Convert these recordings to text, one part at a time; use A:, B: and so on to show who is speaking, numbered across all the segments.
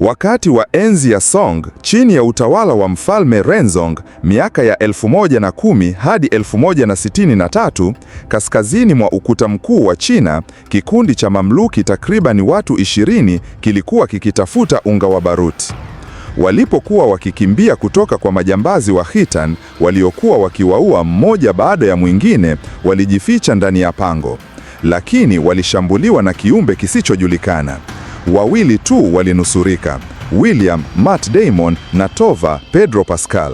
A: Wakati wa enzi ya Song chini ya utawala wa mfalme Renzong miaka ya 1110 hadi 1163, kaskazini mwa ukuta mkuu wa China, kikundi cha mamluki takribani watu 20 kilikuwa kikitafuta unga wa baruti. Walipokuwa wakikimbia kutoka kwa majambazi wa Khitan waliokuwa wakiwaua mmoja baada ya mwingine, walijificha ndani ya pango, lakini walishambuliwa na kiumbe kisichojulikana. Wawili tu walinusurika, William Matt Damon na Tova Pedro Pascal.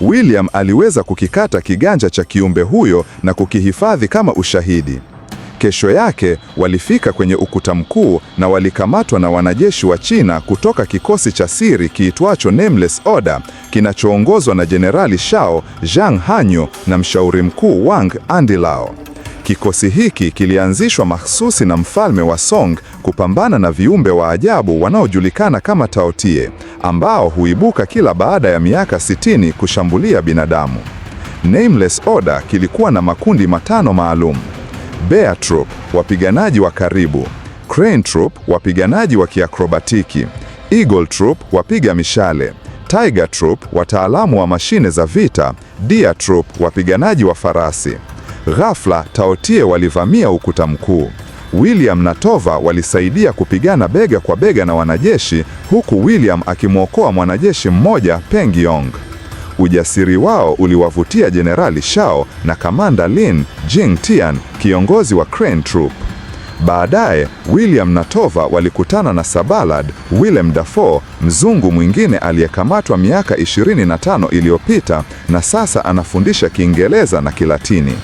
A: William aliweza kukikata kiganja cha kiumbe huyo na kukihifadhi kama ushahidi. Kesho yake walifika kwenye ukuta mkuu na walikamatwa na wanajeshi wa China kutoka kikosi cha siri kiitwacho Nameless Order kinachoongozwa na Jenerali Shao Zhang Hanyo na mshauri mkuu Wang Andilao. Kikosi hiki kilianzishwa mahsusi na mfalme wa Song kupambana na viumbe wa ajabu wanaojulikana kama Taotie, ambao huibuka kila baada ya miaka 60 kushambulia binadamu. Nameless Order kilikuwa na makundi matano maalum: Bear Troop, wapiganaji wa karibu; Crane Troop, wapiganaji wa kiakrobatiki; Eagle Troop, wapiga mishale; Tiger Troop, wataalamu wa mashine za vita; Deer Troop, wapiganaji wa farasi. Ghafla Taotie walivamia ukuta mkuu. William na Tova walisaidia kupigana bega kwa bega na wanajeshi, huku William akimwokoa mwanajeshi mmoja peng yong Ujasiri wao uliwavutia Jenerali Shao na Kamanda Lin Jing Tian, kiongozi wa Crane Troop. Baadaye William na Tova walikutana na Sabalad Willem Dafoe, mzungu mwingine aliyekamatwa miaka 25 iliyopita na sasa anafundisha Kiingereza na Kilatini.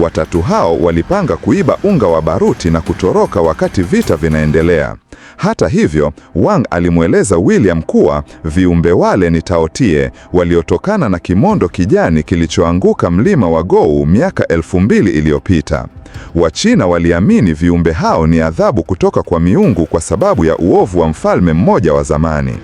A: Watatu hao walipanga kuiba unga wa baruti na kutoroka wakati vita vinaendelea. Hata hivyo, Wang alimweleza William kuwa viumbe wale ni Taotie waliotokana na kimondo kijani kilichoanguka mlima wa Gou miaka elfu mbili iliyopita. Wachina waliamini viumbe hao ni adhabu kutoka kwa miungu kwa sababu ya uovu wa mfalme mmoja wa zamani.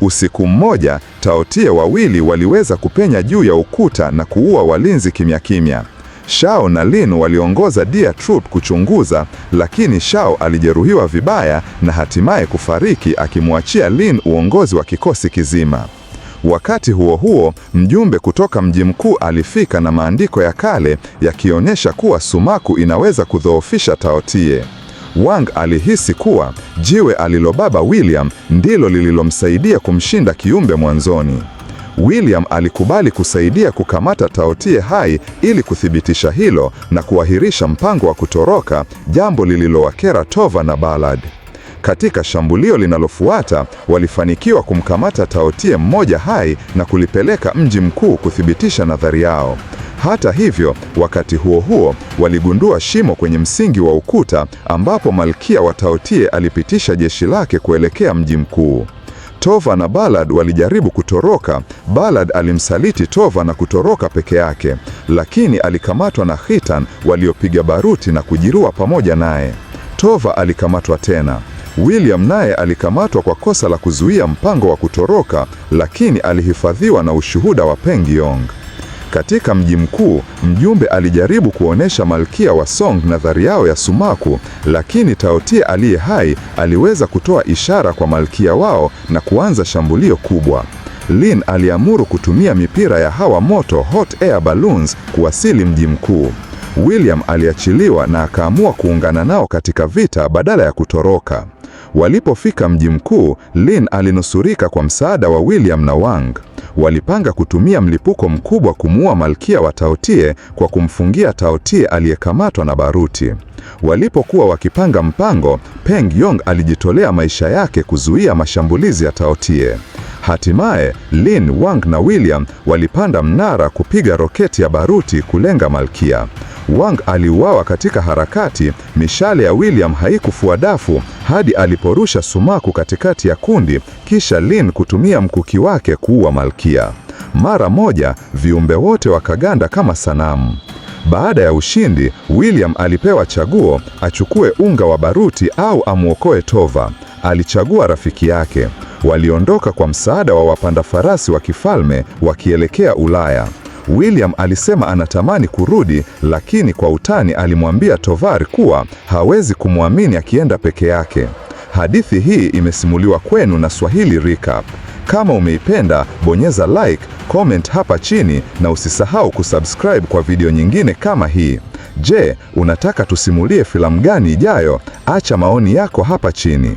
A: Usiku mmoja, Taotie wawili waliweza kupenya juu ya ukuta na kuua walinzi kimya kimya. Shao na Lin waliongoza dia Troop kuchunguza, lakini Shao alijeruhiwa vibaya na hatimaye kufariki akimwachia Lin uongozi wa kikosi kizima. Wakati huo huo, mjumbe kutoka mji mkuu alifika na maandiko ya kale yakionyesha kuwa sumaku inaweza kudhoofisha Taotie. Wang alihisi kuwa jiwe alilobaba William ndilo lililomsaidia kumshinda kiumbe mwanzoni. William alikubali kusaidia kukamata Taotie hai ili kuthibitisha hilo na kuahirisha mpango wa kutoroka, jambo lililowakera Tova na Ballard. Katika shambulio linalofuata walifanikiwa kumkamata Taotie mmoja hai na kulipeleka mji mkuu kuthibitisha nadhari yao. Hata hivyo, wakati huo huo waligundua shimo kwenye msingi wa ukuta ambapo Malkia wa Taotie alipitisha jeshi lake kuelekea mji mkuu. Tova na Ballard walijaribu kutoroka. Ballard alimsaliti Tova na kutoroka peke yake, lakini alikamatwa na Khitan waliopiga baruti na kujirua pamoja naye. Tova alikamatwa tena. William naye alikamatwa kwa kosa la kuzuia mpango wa kutoroka, lakini alihifadhiwa na ushuhuda wa Peng Yong. Katika mji mkuu, mjumbe alijaribu kuonesha Malkia wa Song nadharia yao ya sumaku, lakini Taotie aliye hai aliweza kutoa ishara kwa malkia wao na kuanza shambulio kubwa. Lin aliamuru kutumia mipira ya hawa moto hot air balloons kuwasili mji mkuu. William aliachiliwa na akaamua kuungana nao katika vita badala ya kutoroka. Walipofika mji mkuu, Lin alinusurika kwa msaada wa William na Wang walipanga kutumia mlipuko mkubwa kumuua malkia wa Taotie kwa kumfungia Taotie aliyekamatwa na baruti. Walipokuwa wakipanga mpango, Peng Yong alijitolea maisha yake kuzuia mashambulizi ya Taotie. Hatimaye Lin Wang na William walipanda mnara kupiga roketi ya baruti kulenga malkia. Wang aliuawa katika harakati. Mishale ya William haikufua dafu hadi aliporusha sumaku katikati ya kundi, kisha Lin kutumia mkuki wake kuua malkia. Mara moja viumbe wote wakaganda kama sanamu. Baada ya ushindi, William alipewa chaguo: achukue unga wa baruti au amwokoe Tova. Alichagua rafiki yake. Waliondoka kwa msaada wa wapanda farasi wa kifalme wakielekea Ulaya. William alisema anatamani kurudi, lakini kwa utani alimwambia Tovar kuwa hawezi kumwamini akienda peke yake. Hadithi hii imesimuliwa kwenu na Swahili Recap. Kama umeipenda, bonyeza like, comment hapa chini na usisahau kusubscribe kwa video nyingine kama hii. Je, unataka tusimulie filamu gani ijayo? Acha maoni yako hapa chini.